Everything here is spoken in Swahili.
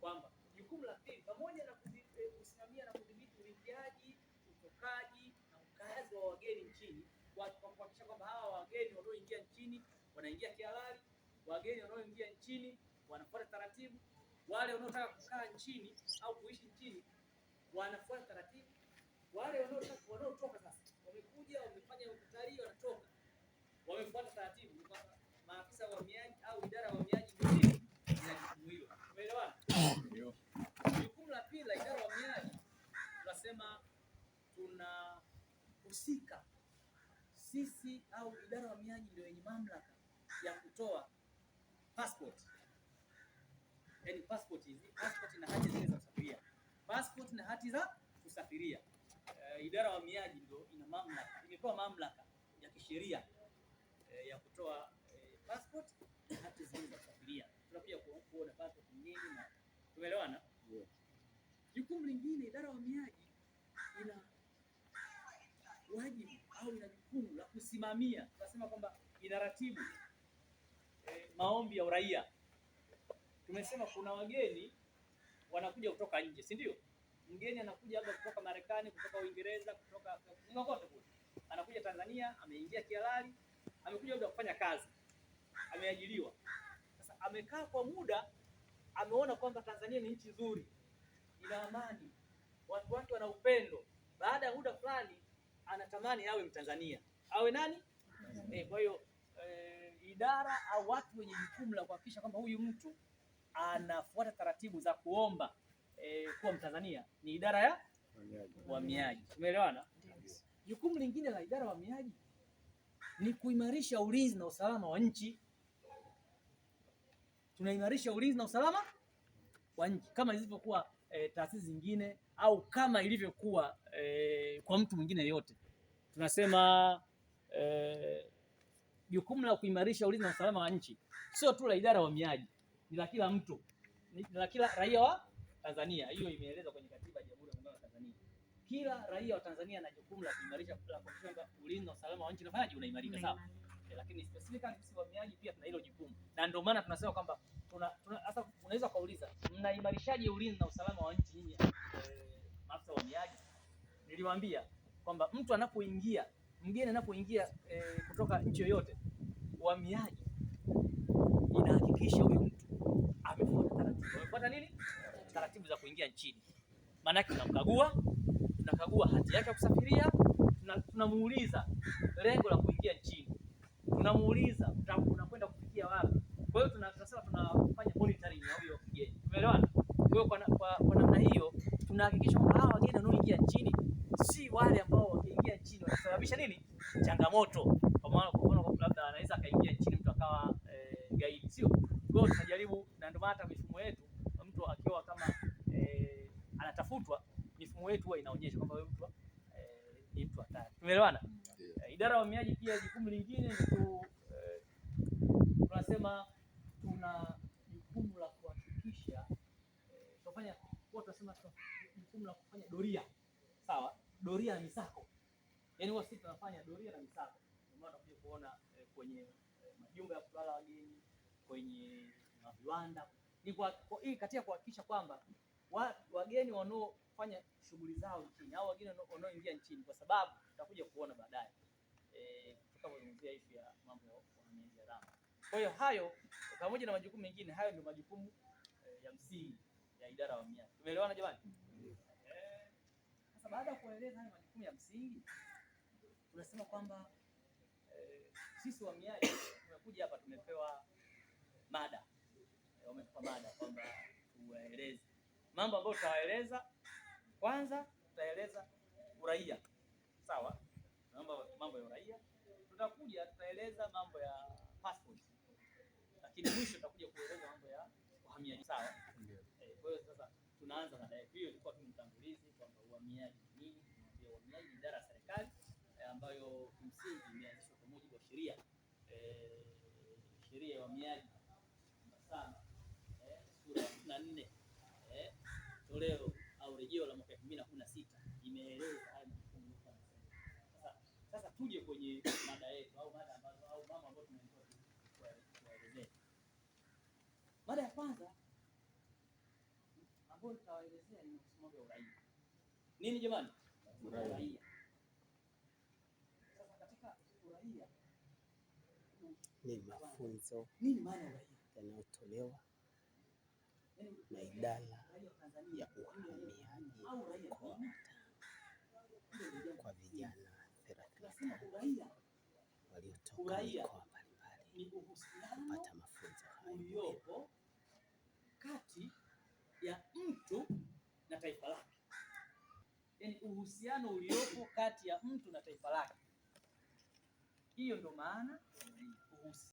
kwamba jukumu la pili pamoja na eh, kusimamia na kudhibiti uingiaji, utokaji na ukazi wa wageni nchini, kwa kuhakikisha kwamba hawa wageni wanaoingia nchini wanaingia kihalali, wageni wanaoingia nchini wanafuata taratibu, wale wanaotaka kukaa nchini au kuishi nchini wanafuata taratibu, wale wanaotaka wanaotoka sasa, wamekuja wamefanya utalii, wanatoka wamefuata taratibu, maafisa wa uhamiaji au idara ya Jukumu la pili la idara ya uhamiaji tunasema tunahusika sisi, au idara ya uhamiaji ndio yenye mamlaka ya kutoa passport, yaani passport hizi, passport na hati zile za kusafiria, passport na hati za kusafiria. Uh, idara ya uhamiaji ndio ina mamlaka, imepewa mamlaka ya kisheria uh, ya kutoa uh, passport na hati zile za kusafiria. Tuna kuona passport nyingi na Tumeelewana? Jukumu yeah, lingine idara ya uhamiaji ina wajibu au ina jukumu la kusimamia, tunasema kwamba inaratibu eh, maombi ya uraia. Tumesema kuna wageni wanakuja kutoka nje, si ndio? Mgeni anakuja labda kutoka Marekani, kutoka Uingereza, kutoka kokote kule, anakuja Tanzania, ameingia kihalali, amekuja labda kufanya kazi, ameajiriwa, sasa amekaa kwa muda ameona kwamba Tanzania ni nchi nzuri, ina amani, watu wake wana upendo. Baada ya muda fulani anatamani awe Mtanzania, awe nani? Eh, kwa hiyo eh, idara au watu wenye jukumu la kuhakikisha kwamba huyu mtu anafuata taratibu za kuomba eh, kuwa Mtanzania ni idara ya uhamiaji. Umeelewana? Jukumu lingine la idara ya uhamiaji ni kuimarisha ulinzi na usalama wa nchi tunaimarisha ulinzi na usalama wa nchi kama ilivyokuwa e, taasisi zingine au kama ilivyokuwa e, kwa mtu mwingine yote. Tunasema eh, jukumu e, la kuimarisha ulinzi na usalama wa nchi sio tu la idara ya uhamiaji, ni la kila mtu, ni la kila raia wa Tanzania. Hiyo imeelezwa kwenye katiba ya Jamhuri ya Muungano wa Tanzania. Kila raia wa Tanzania ana jukumu la kuimarisha ulinzi na usalama wa nchi. Unafanyaje? Unaimarika, sawa. Eh, lakini specifically sisi wahamiaji pia tuna hilo jukumu, na ndio maana tunasema kwamba tuna hasa, unaweza kuuliza mnaimarishaje ulinzi na usalama wa nchi nyinyi eh, maafisa wahamiaji? Niliwaambia kwamba mtu anapoingia mgeni anapoingia e, kutoka nchi yoyote, uhamiaji inahakikisha huyo mtu amefuata taratibu. Amefuata nini? Taratibu za kuingia nchini. Maanake tunamkagua, tunakagua hati yake ya kusafiria, tunamuuliza lengo la kuingia nchini unamuuliza unakwenda kufikia wapi. Kwa hiyo tunasema tunafanya monitoring ya huyo mgeni, umeelewana? Kwa hiyo kwa namna hiyo tunahakikisha kwamba hawa wageni wanaoingia nchini si wale ambao wakiingia nchini wanasababisha nini changamoto. Kwa maana kwa mfano, labda anaweza akaingia nchini mtu akawa e, gaidi, sio? Kwa hiyo tunajaribu, na ndio maana hata mifumo yetu mtu akiwa kama e, anatafutwa, mifumo yetu huwa inaonyesha kwamba wewe mtu e, ni mtu hatari, umeelewana? Idara ya uhamiaji pia jukumu lingine ni tu, eh, tunasema tuna jukumu la kuhakikisha eh, tunafanya tunasema jukumu la kufanya doria, sawa, doria na misako, yaani wao sisi tunafanya doria na misako, ndio maana tunakuja kuona eh, kwenye eh, majumba ya kulala wageni, kwenye viwanda, ni kwa, kwa hii katika kuhakikisha kwamba wa, wageni wanaofanya shughuli zao nchini au wageni wanaoingia nchini, kwa sababu tutakuja kuona baadaye tutakapozungumzia eh, ishu ya mambo ya alama. Kwa hiyo hayo pamoja na majukumu mengine, hayo ndio majukumu eh, ya msingi ya idara ya uhamiaji. Tumeelewana jamani? Eh, sasa baada ya kueleza hayo majukumu ya msingi, tunasema kwamba e, sisi wahamiaji tumekuja hapa tumepewa mada wametupa mada kwamba tuwaeleze mambo ambayo tutawaeleza. Kwanza tutaeleza uraia, sawa mambo ya uraia, tutakuja tutaeleza mambo ya passport, lakini mwisho tutakuja kueleza mambo ya uhamiaji. Sawa, eh, kwa hiyo sasa tunaanza na dive hiyo. Ilikuwa tu mtangulizi kwamba uhamiaji ni nini. Uhamiaji ni idara ya serikali eh, ambayo kimsingi imeanzishwa kwa mujibu wa sheria eh, sheria ya uhamiaji sana sura ya 54 toleo kwanza ambao nitawaelezea ni msimamo wa uraia. Nini jamani? Uraia. Sasa katika uraia ni mafunzo yanayotolewa na idara ya uhamiaji kwa, vijana thelathini na waliotoka mikoa mbalimbali kupata mafunzo hayo kati ya mtu na taifa lake, yaani uhusiano uliopo kati ya mtu na taifa lake. Hiyo ndo maana